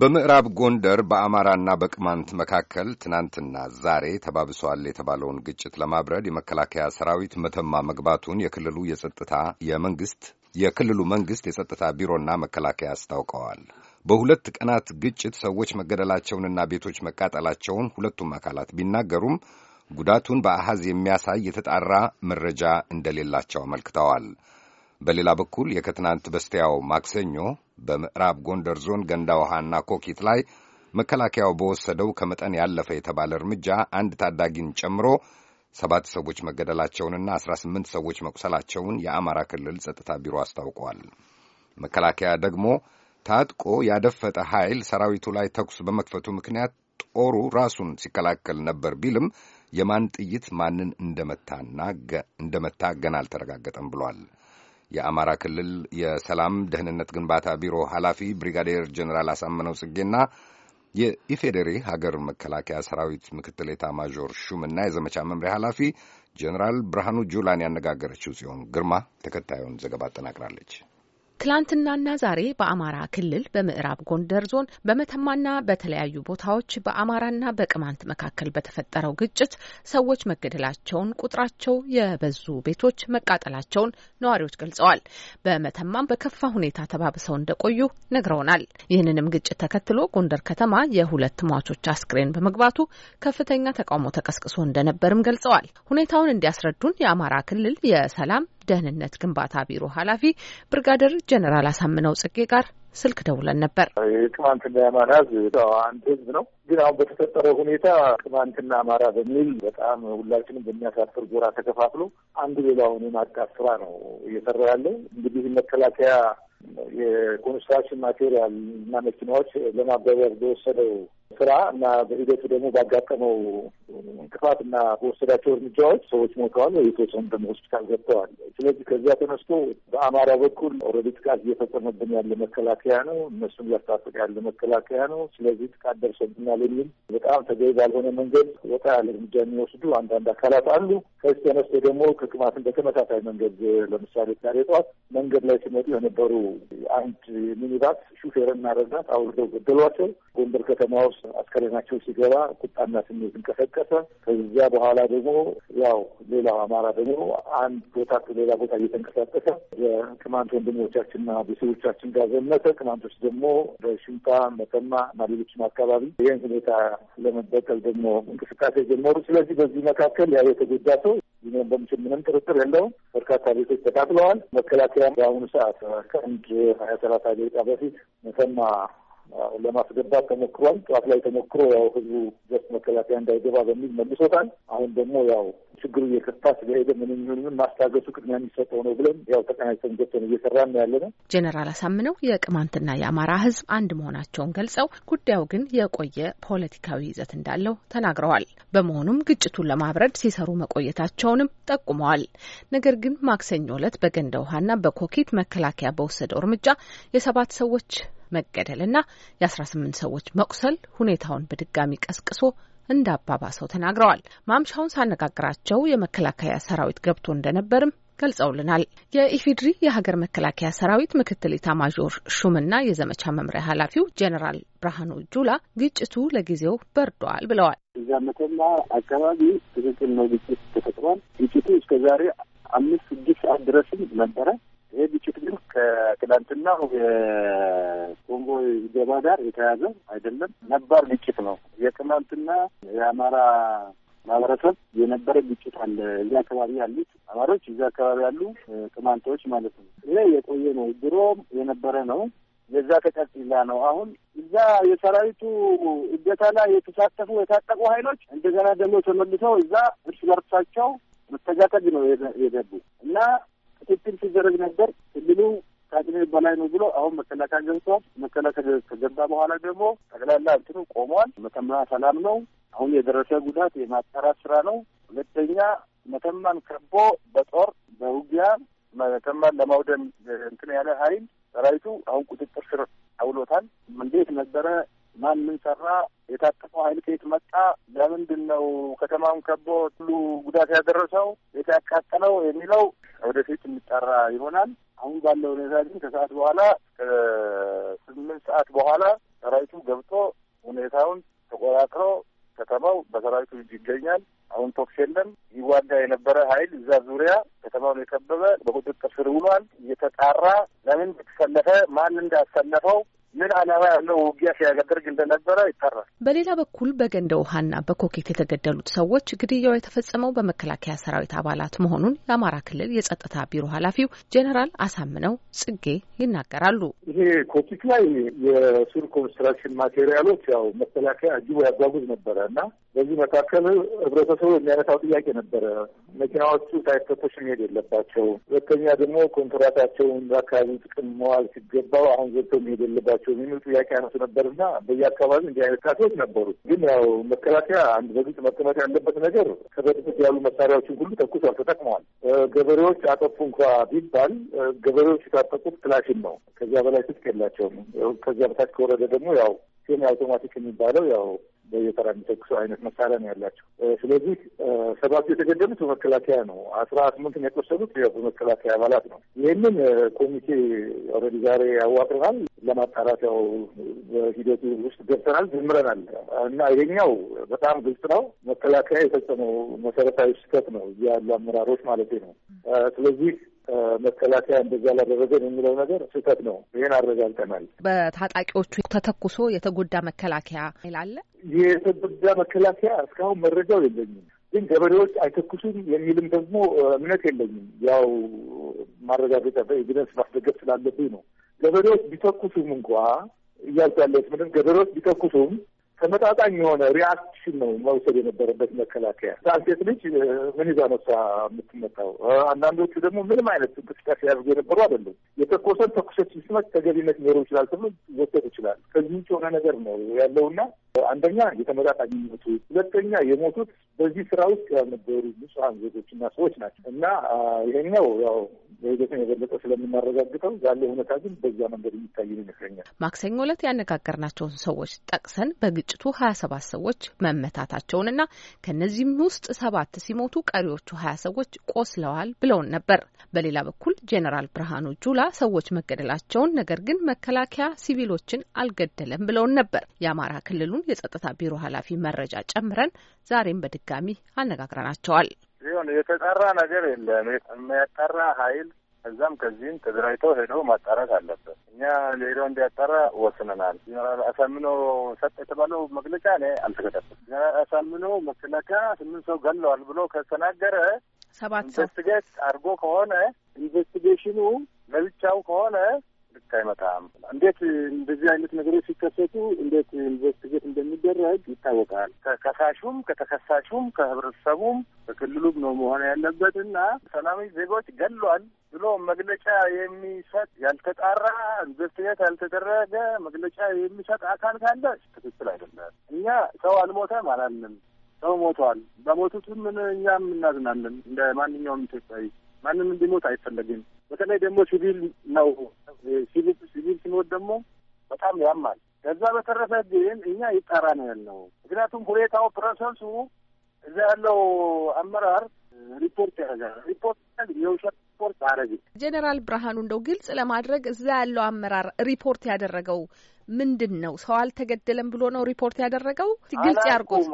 በምዕራብ ጎንደር በአማራና በቅማንት መካከል ትናንትና ዛሬ ተባብሷል የተባለውን ግጭት ለማብረድ የመከላከያ ሰራዊት መተማ መግባቱን የክልሉ የጸጥታ የመንግስት የክልሉ መንግስት የጸጥታ ቢሮና መከላከያ አስታውቀዋል። በሁለት ቀናት ግጭት ሰዎች መገደላቸውንና ቤቶች መቃጠላቸውን ሁለቱም አካላት ቢናገሩም ጉዳቱን በአሃዝ የሚያሳይ የተጣራ መረጃ እንደሌላቸው አመልክተዋል። በሌላ በኩል የከትናንት በስቲያው ማክሰኞ በምዕራብ ጎንደር ዞን ገንዳ ውሃና ኮኪት ላይ መከላከያው በወሰደው ከመጠን ያለፈ የተባለ እርምጃ አንድ ታዳጊን ጨምሮ ሰባት ሰዎች መገደላቸውንና አስራ ስምንት ሰዎች መቁሰላቸውን የአማራ ክልል ጸጥታ ቢሮ አስታውቀዋል። መከላከያ ደግሞ ታጥቆ ያደፈጠ ኃይል ሰራዊቱ ላይ ተኩስ በመክፈቱ ምክንያት ጦሩ ራሱን ሲከላከል ነበር ቢልም የማን ጥይት ማንን እንደመታና እንደመታ ገና አልተረጋገጠም ብሏል። የአማራ ክልል የሰላም ደህንነት ግንባታ ቢሮ ኃላፊ ብሪጋዴር ጀኔራል አሳምነው ጽጌና የኢፌዴሪ ሀገር መከላከያ ሰራዊት ምክትል ማዦር ሹምና የዘመቻ መምሪያ ኃላፊ ጀኔራል ብርሃኑ ጁላን ያነጋገረችው ጽዮን ግርማ ተከታዩን ዘገባ አጠናቅራለች። ትላንትናና ዛሬ በአማራ ክልል በምዕራብ ጎንደር ዞን በመተማና በተለያዩ ቦታዎች በአማራና በቅማንት መካከል በተፈጠረው ግጭት ሰዎች መገደላቸውን፣ ቁጥራቸው የበዙ ቤቶች መቃጠላቸውን ነዋሪዎች ገልጸዋል። በመተማም በከፋ ሁኔታ ተባብሰው እንደቆዩ ነግረውናል። ይህንንም ግጭት ተከትሎ ጎንደር ከተማ የሁለት ሟቾች አስክሬን በመግባቱ ከፍተኛ ተቃውሞ ተቀስቅሶ እንደነበርም ገልጸዋል። ሁኔታውን እንዲያስረዱን የአማራ ክልል የሰላም ደህንነት ግንባታ ቢሮ ኃላፊ ብርጋደር ጀነራል አሳምነው ጽጌ ጋር ስልክ ደውለን ነበር። የቅማንትና የአማራ አንድ ህዝብ ነው። ግን አሁን በተፈጠረው ሁኔታ ቅማንትና አማራ በሚል በጣም ሁላችንም በሚያሳፍር ጎራ ተከፋፍሎ አንዱ ሌላውን የማጥቃት ስራ ነው እየሰራ ያለው። እንግዲህ መከላከያ የኮንስትራክሽን ማቴሪያል እና መኪናዎች ለማጓጓዝ በወሰደው ስራ እና በሂደቱ ደግሞ ባጋጠመው እንቅፋት እና በወሰዳቸው እርምጃዎች ሰዎች ሞተዋል ወይ የተወሰኑ ደግሞ ሆስፒታል ገብተዋል። ስለዚህ ከዚያ ተነስቶ በአማራ በኩል ኦልሬዲ ጥቃት እየፈጸመብን ያለ መከላከያ ነው፣ እነሱም እያስታጠቀ ያለ መከላከያ ነው። ስለዚህ ጥቃት ደርሰብናል የሚል በጣም ተገቢ ባልሆነ መንገድ ወጣ ያለ እርምጃ የሚወስዱ አንዳንድ አካላት አሉ። ከዚህ ተነስቶ ደግሞ ከቅማትን በተመሳሳይ መንገድ ለምሳሌ ዛሬ ጠዋት መንገድ ላይ ሲመጡ የነበሩ አንድ ሚኒባስ ሹፌርና ረዳት አውርደው ገደሏቸው። ጎንደር ከተማ ውስጥ አስከሬናቸው ሲገባ ቁጣና ስሜት እንቀሰቀሰ። ከዚያ በኋላ ደግሞ ያው ሌላው አማራ ደግሞ አንድ ቦታ ሌላ ቦታ እየተንቀሳቀሰ የቅማንት ወንድሞቻችንና ቤተሰቦቻችን ጋር ዘመተ። ቅማንቶች ደግሞ በሽምፓ መተማ እና ሌሎችም አካባቢ ይህን ሁኔታ ለመበቀል ደግሞ እንቅስቃሴ ጀመሩ። ስለዚህ በዚህ መካከል ያው የተጎዳ ሰው ይህን በምችል ምንም ጥርጥር የለውም። በርካታ ቤቶች ተቃጥለዋል። መከላከያ በአሁኑ ሰዓት ከአንድ ሀያ ሰላሳ ደቂቃ በፊት መተማ ለማስገባት ተሞክሯል። ጠዋት ላይ ተሞክሮ ያው ህዝቡ ደስ መከላከያ እንዳይገባ በሚል መልሶታል። አሁን ደግሞ ያው ችግሩ እየከፋ ስለሄደ ምን የሚሆን ማስታገሱ ቅድሚያ የሚሰጠው ነው ብለን ያው ተቀናጅተን ገብተን እየሰራን ያለ ነው። ጄኔራል አሳምነው የቅማንትና የአማራ ህዝብ አንድ መሆናቸውን ገልጸው ጉዳዩ ግን የቆየ ፖለቲካዊ ይዘት እንዳለው ተናግረዋል። በመሆኑም ግጭቱን ለማብረድ ሲሰሩ መቆየታቸውንም ጠቁመዋል። ነገር ግን ማክሰኞ ዕለት በገንደ ውሃና በኮኬት መከላከያ በወሰደው እርምጃ የሰባት ሰዎች መገደል እና የ18 ሰዎች መቁሰል ሁኔታውን በድጋሚ ቀስቅሶ እንዳባባሰው ተናግረዋል። ማምሻውን ሳነጋግራቸው የመከላከያ ሰራዊት ገብቶ እንደነበርም ገልጸውልናል። የኢፌድሪ የሀገር መከላከያ ሰራዊት ምክትል ኢታማዦር ሹምና የዘመቻ መምሪያ ኃላፊው ጀኔራል ብርሃኑ ጁላ ግጭቱ ለጊዜው በርዷል ብለዋል። እዛ መተማ አካባቢ ትክክል ነው፣ ግጭት ተፈጥሯል። ግጭቱ እስከዛሬ አምስት ስድስት ሰዓት ድረስም ነበረ። ግን ከትላንትና የኮንጎ ገባ ጋር የተያዘ አይደለም፣ ነባር ግጭት ነው። የትላንትና የአማራ ማህበረሰብ የነበረ ግጭት አለ። እዚህ አካባቢ ያሉት አማሮች፣ እዚህ አካባቢ ያሉ ቅማንቶች ማለት ነው። ይሄ የቆየ ነው፣ ድሮም የነበረ ነው። የዛ ተቀጥላ ነው። አሁን እዛ የሰራዊቱ እገታ ላይ የተሳተፉ የታጠቁ ኃይሎች እንደገና ደግሞ ተመልሰው እዛ እርስ በርሳቸው መተጋተግ ነው የገቡ እና ክትትል ሲደረግ ነበር። ክልሉ ከአቅሜ በላይ ነው ብሎ አሁን መከላከያ ገብቷል። መከላከያ ከገባ በኋላ ደግሞ ጠቅላላ እንትኑ ቆሟል። መተማ ሰላም ነው። አሁን የደረሰ ጉዳት የማጣራት ስራ ነው። ሁለተኛ መተማን ከቦ በጦር በውጊያ መተማን ለማውደም እንትን ያለ ኃይል ሰራዊቱ አሁን ቁጥጥር ስር አውሎታል። እንዴት ነበረ? ማን ምን ሰራ? የታጠቀው ኃይል ከየት መጣ? ለምንድን ነው ከተማውን ከቦ ሁሉ ጉዳት ያደረሰው? የት ያቃጠለው የሚለው ወደፊት የሚጠራ ይሆናል። አሁን ባለው ሁኔታ ግን ከሰዓት በኋላ ከስምንት ሰዓት በኋላ ሰራዊቱ ገብቶ ሁኔታውን ተቆጣጥሮ ከተማው በሰራዊቱ እጅ ይገኛል። አሁን ቶክስ የለም። ይዋጋ የነበረ ኃይል እዛ ዙሪያ ከተማውን የከበበ በቁጥጥር ስር ውሏል። እየተጣራ ለምን እንደተሰለፈ ማን እንዳሰለፈው ምን ዓላማ ያለው ውጊያ ሲያደርግ እንደነበረ ይጠራል። በሌላ በኩል በገንደ ውሃና በኮኬት የተገደሉት ሰዎች ግድያው የተፈጸመው በመከላከያ ሰራዊት አባላት መሆኑን የአማራ ክልል የጸጥታ ቢሮ ኃላፊው ጄኔራል አሳምነው ጽጌ ይናገራሉ። ይሄ ኮኬት ላይ የሱር ኮንስትራክሽን ማቴሪያሎች ያው መከላከያ እጅቦ ያጓጉዝ ነበረ እና በዚህ መካከል ህብረተሰቡ የሚያነሳው ጥያቄ ነበረ። መኪናዎቹ ሳይፈተሽ መሄድ የለባቸው፣ ሁለተኛ ደግሞ ኮንትራታቸውን በአካባቢ ጥቅም መዋል ሲገባው አሁን ዘቶ መሄድ የለባቸው ናቸው የሚል ጥያቄ ነበር ነበርና በየአካባቢ እንዲህ አይነት ካቶች ነበሩ። ግን ያው መከላከያ አንድ በግልጽ መቀመጥ ያለበት ነገር ከበፊት ያሉ መሳሪያዎችን ሁሉ ተኩሷል፣ ተጠቅመዋል። ገበሬዎች አጠፉ እንኳ ቢባል ገበሬዎች የታጠቁት ክላሽን ነው። ከዚያ በላይ ትጥቅ የላቸውም። ከዚያ በታች ከወረደ ደግሞ ያው ሴሚ አውቶማቲክ የሚባለው ያው በየተራ የሚተኩሱ አይነት መሳሪያ ነው ያላቸው። ስለዚህ ሰባቱ የተገደሉት በመከላከያ ነው። አስራ ስምንትን የቆሰሉት በመከላከያ አባላት ነው። ይህንን ኮሚቴ ኦልሬዲ ዛሬ ያዋቅረናል። ለማጣራት ያው በሂደቱ ውስጥ ገብተናል፣ ጀምረናል እና ይሄኛው በጣም ግልጽ ነው። መከላከያ የፈጸመው መሰረታዊ ስህተት ነው እያሉ አመራሮች ማለት ነው። ስለዚህ መከላከያ እንደዚያ አላደረገን የሚለው ነገር ስህተት ነው። ይህን አረጋግጠናል። በታጣቂዎቹ ተተኩሶ የተጎዳ መከላከያ ይላለ። የተጎዳ መከላከያ እስካሁን መረጃው የለኝም፣ ግን ገበሬዎች አይተኩሱም የሚልም ደግሞ እምነት የለኝም። ያው ማረጋገጫ በኤቪደንስ ማስደገፍ ስላለብኝ ነው። ገበሬዎች ቢተኩሱም እንኳ እያልኩ ያለሁት ምንም ገበሬዎች ቢተኩሱም ተመጣጣኝ የሆነ ሪያክሽን ነው መውሰድ የነበረበት መከላከያ። ሴት ልጅ ምን ይዛ ነሳ የምትመጣው? አንዳንዶቹ ደግሞ ምንም አይነት እንቅስቃሴ ያድርጉ የነበሩ አይደለም። የተኮሰን ተኩሶች ሲስመት ተገቢነት ሊኖረው ይችላል ተብሎ ሊወሰድ ይችላል። ከዚህ ውጭ የሆነ ነገር ነው ያለውና አንደኛ የተመጣጣኝ ሞቱ፣ ሁለተኛ የሞቱት በዚህ ስራ ውስጥ ያልነበሩ ንጹሐን ዜጎችና ሰዎች ናቸው እና ይሄኛው ያው በሂደትን የበለጠ ስለምናረጋግጠው ያለው ሁኔታ ግን በዛ መንገድ የሚታይ ይመስለኛል። ማክሰኞ ዕለት ያነጋገርናቸውን ሰዎች ጠቅሰን በግ በግጭቱ 27 ሰዎች መመታታቸውንና ከእነዚህም ውስጥ ሰባት ሲሞቱ ቀሪዎቹ 20 ሰዎች ቆስለዋል ብለውን ነበር። በሌላ በኩል ጄኔራል ብርሃኑ ጁላ ሰዎች መገደላቸውን፣ ነገር ግን መከላከያ ሲቪሎችን አልገደለም ብለውን ነበር። የአማራ ክልሉን የጸጥታ ቢሮ ኃላፊ መረጃ ጨምረን ዛሬም በድጋሚ አነጋግረናቸዋል። ሲሆን የተጠራ ነገር የለም። የሚያጠራ ኃይል ከዛም ከዚህም ተደራጅተው ሄደው ማጣራት አለበት። እኛ ሄደው እንዲያጣራ ወስነናል። ጀነራል አሳምኖ ሰጥ የተባለው መግለጫ እኔ አልተከታተል ጀነራል አሳምኖ መከላከያ ስምንት ሰው ገለዋል ብሎ ከተናገረ ሰባት ሰው ኢንቨስቲጌት አድርጎ ከሆነ ኢንቨስቲጌሽኑ ለብቻው ከሆነ ልክ አይመጣም። እንዴት እንደዚህ አይነት ነገሮች ሲከሰቱ እንዴት ኢንቨስቲጌት እንደሚደረግ ይታወቃል። ከከሳሹም ከተከሳሹም ከህብረተሰቡም ከክልሉም ነው መሆን ያለበት እና ሰላማዊ ዜጎች ገሏል ብሎ መግለጫ የሚሰጥ ያልተጣራ ኢንቨስቲጌት ያልተደረገ መግለጫ የሚሰጥ አካል ካለ ትክክል አይደለም። እኛ ሰው አልሞተም አላልንም። ሰው ሞቷል። በሞቱትም ምን እኛም እናዝናለን እንደ ማንኛውም ኢትዮጵያዊ ማንም እንዲሞት አይፈለግም። በተለይ ደግሞ ሲቪል ነው። ሲቪል ሲቪል ሲኖር ደግሞ በጣም ያማል። ከዛ በተረፈ ግን እኛ ይጣራ ነው ያለው። ምክንያቱም ሁኔታው ፕሮሰሱ እዛ ያለው አመራር ሪፖርት ያደርጋል። ሪፖርት የውሸት ሪፖርት አረግ ጄኔራል ብርሃኑ እንደው ግልጽ ለማድረግ እዛ ያለው አመራር ሪፖርት ያደረገው ምንድን ነው ሰው አልተገደለም ብሎ ነው ሪፖርት ያደረገው? ግልጽ ያርጎት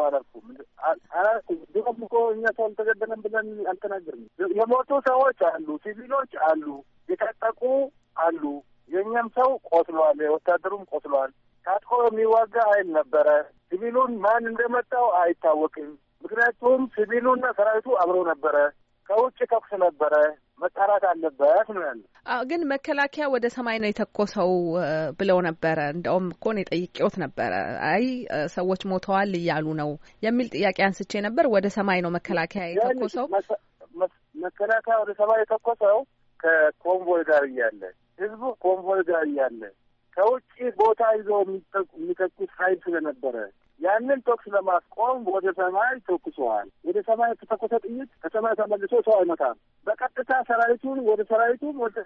ድሮም እኮ እኛ ሰው አልተገደለም ብለን አልተናገርንም። የሞቱ ሰዎች አሉ፣ ሲቪሎች አሉ፣ የታጠቁ አሉ። የእኛም ሰው ቆስሏል፣ የወታደሩም ቆስሏል። ታጥቆ የሚዋጋ ኃይል ነበረ። ሲቪሉን ማን እንደመጣው አይታወቅም። ምክንያቱም ሲቪሉና ሰራዊቱ አብሮ ነበረ። ከውጭ ተኩስ ነበረ። መጣራት አለበት ነው ያለ። ግን መከላከያ ወደ ሰማይ ነው የተኮሰው ብለው ነበረ። እንደውም እኮ እኔ ጠይቄዎት ነበረ። አይ ሰዎች ሞተዋል እያሉ ነው የሚል ጥያቄ አንስቼ ነበር። ወደ ሰማይ ነው መከላከያ የተኮሰው። መከላከያ ወደ ሰማይ የተኮሰው ከኮንቮይ ጋር እያለ ህዝቡ ኮንቮይ ጋር እያለ ከውጭ ቦታ ይዞ የሚተኩስ ኃይል ስለነበረ ያንን ተኩስ ለማስቆም ወደ ሰማይ ተኩሰዋል። ወደ ሰማይ የተተኮሰ ጥይት ከሰማይ ተመልሶ ሰው አይመታም። በቀጥታ ሰራዊቱን ወደ ሰራዊቱን ወደ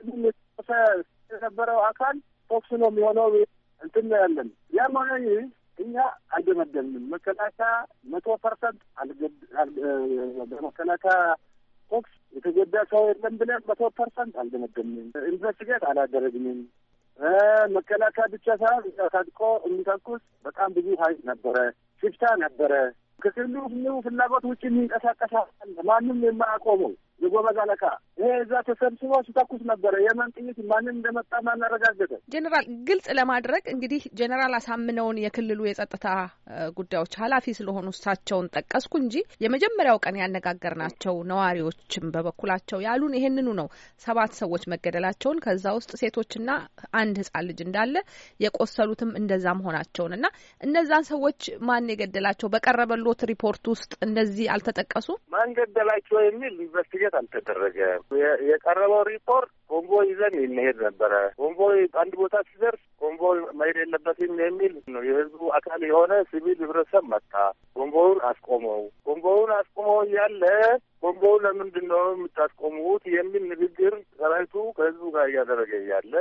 የነበረው አካል ተኩስ ነው የሚሆነው። እንትን ነው ያለን ያም ሆነ ይህ እኛ አልደመደምንም። መከላከያ መቶ ፐርሰንት በመከላከያ ተኩስ የተጎዳ ሰው የለም ብለን መቶ ፐርሰንት አልደመደምንም። ኢንቨስቲጌት አላደረግንም። መከላከያ ብቻ ሳይሆን ታጥቆ የሚተኩስ በጣም ብዙ ሀይል ነበረ፣ ሽፍታ ነበረ። ከክልሉ ፍላጎት ውጭ የሚንቀሳቀሳ ማንም የማያቆመው የጎበዝ አለቃ ይሄ እዛ ተሰብስቦ ሲተኩስ ነበረ። የመን ጥይት ማንን እንደመጣ ማን አረጋገጠ? ጀኔራል፣ ግልጽ ለማድረግ እንግዲህ ጀኔራል አሳምነውን የክልሉ የጸጥታ ጉዳዮች ኃላፊ ስለሆኑ እሳቸውን ጠቀስኩ እንጂ የመጀመሪያው ቀን ያነጋገርናቸው ነዋሪዎችም በበኩላቸው ያሉን ይሄንኑ ነው። ሰባት ሰዎች መገደላቸውን ከዛ ውስጥ ሴቶችና አንድ ህጻን ልጅ እንዳለ የቆሰሉትም እንደዛ መሆናቸውን እና እነዛን ሰዎች ማን የገደላቸው በቀረበሎት ሪፖርት ውስጥ እንደዚህ አልተጠቀሱም። ማን ገደላቸው የሚል ኢንቨስቲጌት አልተደረገም። የቀረበው ሪፖርት ኮንቮይ ይዘን ይመሄድ ነበረ። ኮንቮይ አንድ ቦታ ሲደርስ ኮንቮይ መሄድ የለበትም የሚል ነው የህዝቡ አካል የሆነ ሲቪል ህብረተሰብ መጣ። ኮንቮውን አስቆመው። ኮንቮውን አስቆመው እያለ ኮንቮዩ ለምንድን ነው የምታስቆሙት የሚል ንግግር ሰራዊቱ ከህዝቡ ጋር እያደረገ እያለ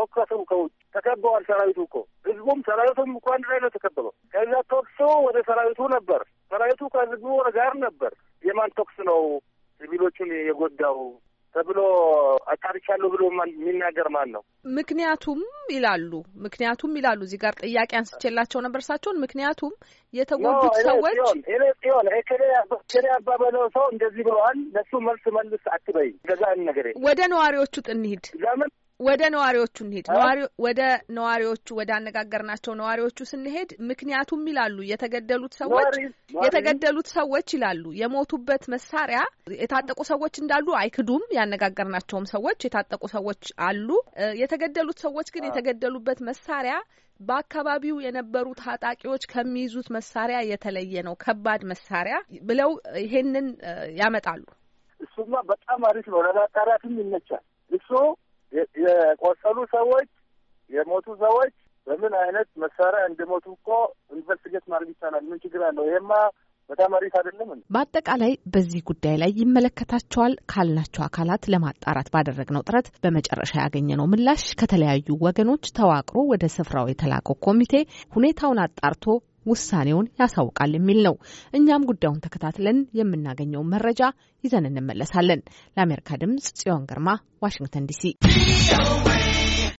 ተኩሰው ከውጭ ተከበዋል። ሰራዊቱ እኮ ህዝቡም ሰራዊቱም እኮ አንድ ላይ ነው ተከበበው። ከዛ ተኩሶ ወደ ሰራዊቱ ነበር። ሰራዊቱ ከህዝቡ ጋር ነበር። የማን ተኩስ ነው ሲቪሎቹን የጎዳው ተብሎ አጣርቻለሁ ብሎ የሚናገር ማን ነው? ምክንያቱም ይላሉ ምክንያቱም ይላሉ እዚህ ጋር ጥያቄ አንስቼላቸው ነበር እሳቸውን። ምክንያቱም የተጎዱት ሰዎች ሆን ከሌ አባበለው ሰው እንደዚህ ብለዋል፣ ለሱ መልስ መልስ አትበይ። ገዛ ነገር ወደ ነዋሪዎቹ ጥንሂድ ለምን ወደ ነዋሪዎቹ እንሄድ። ወደ ነዋሪዎቹ ወደ አነጋገርናቸው ነዋሪዎቹ ስንሄድ ምክንያቱም ይላሉ የተገደሉት ሰዎች የተገደሉት ሰዎች ይላሉ የሞቱበት መሳሪያ የታጠቁ ሰዎች እንዳሉ አይክዱም። ያነጋገርናቸውም ሰዎች የታጠቁ ሰዎች አሉ። የተገደሉት ሰዎች ግን የተገደሉበት መሳሪያ በአካባቢው የነበሩ ታጣቂዎች ከሚይዙት መሳሪያ የተለየ ነው፣ ከባድ መሳሪያ ብለው ይሄንን ያመጣሉ። እሱማ በጣም አሪፍ ነው፣ ለማጣራትም ይመቻል እሱ የቆሰሉ ሰዎች የሞቱ ሰዎች በምን አይነት መሳሪያ እንደሞቱ እኮ ኢንቨስቲጌት ማድረግ ይቻላል። ምን ችግር አለው? ይሄማ በጣም አሪፍ አይደለም። በአጠቃላይ በዚህ ጉዳይ ላይ ይመለከታቸዋል ካልናቸው አካላት ለማጣራት ባደረግነው ጥረት በመጨረሻ ያገኘነው ምላሽ ከተለያዩ ወገኖች ተዋቅሮ ወደ ስፍራው የተላከው ኮሚቴ ሁኔታውን አጣርቶ ውሳኔውን ያሳውቃል የሚል ነው። እኛም ጉዳዩን ተከታትለን የምናገኘውን መረጃ ይዘን እንመለሳለን። ለአሜሪካ ድምጽ ጽዮን ግርማ ዋሽንግተን ዲሲ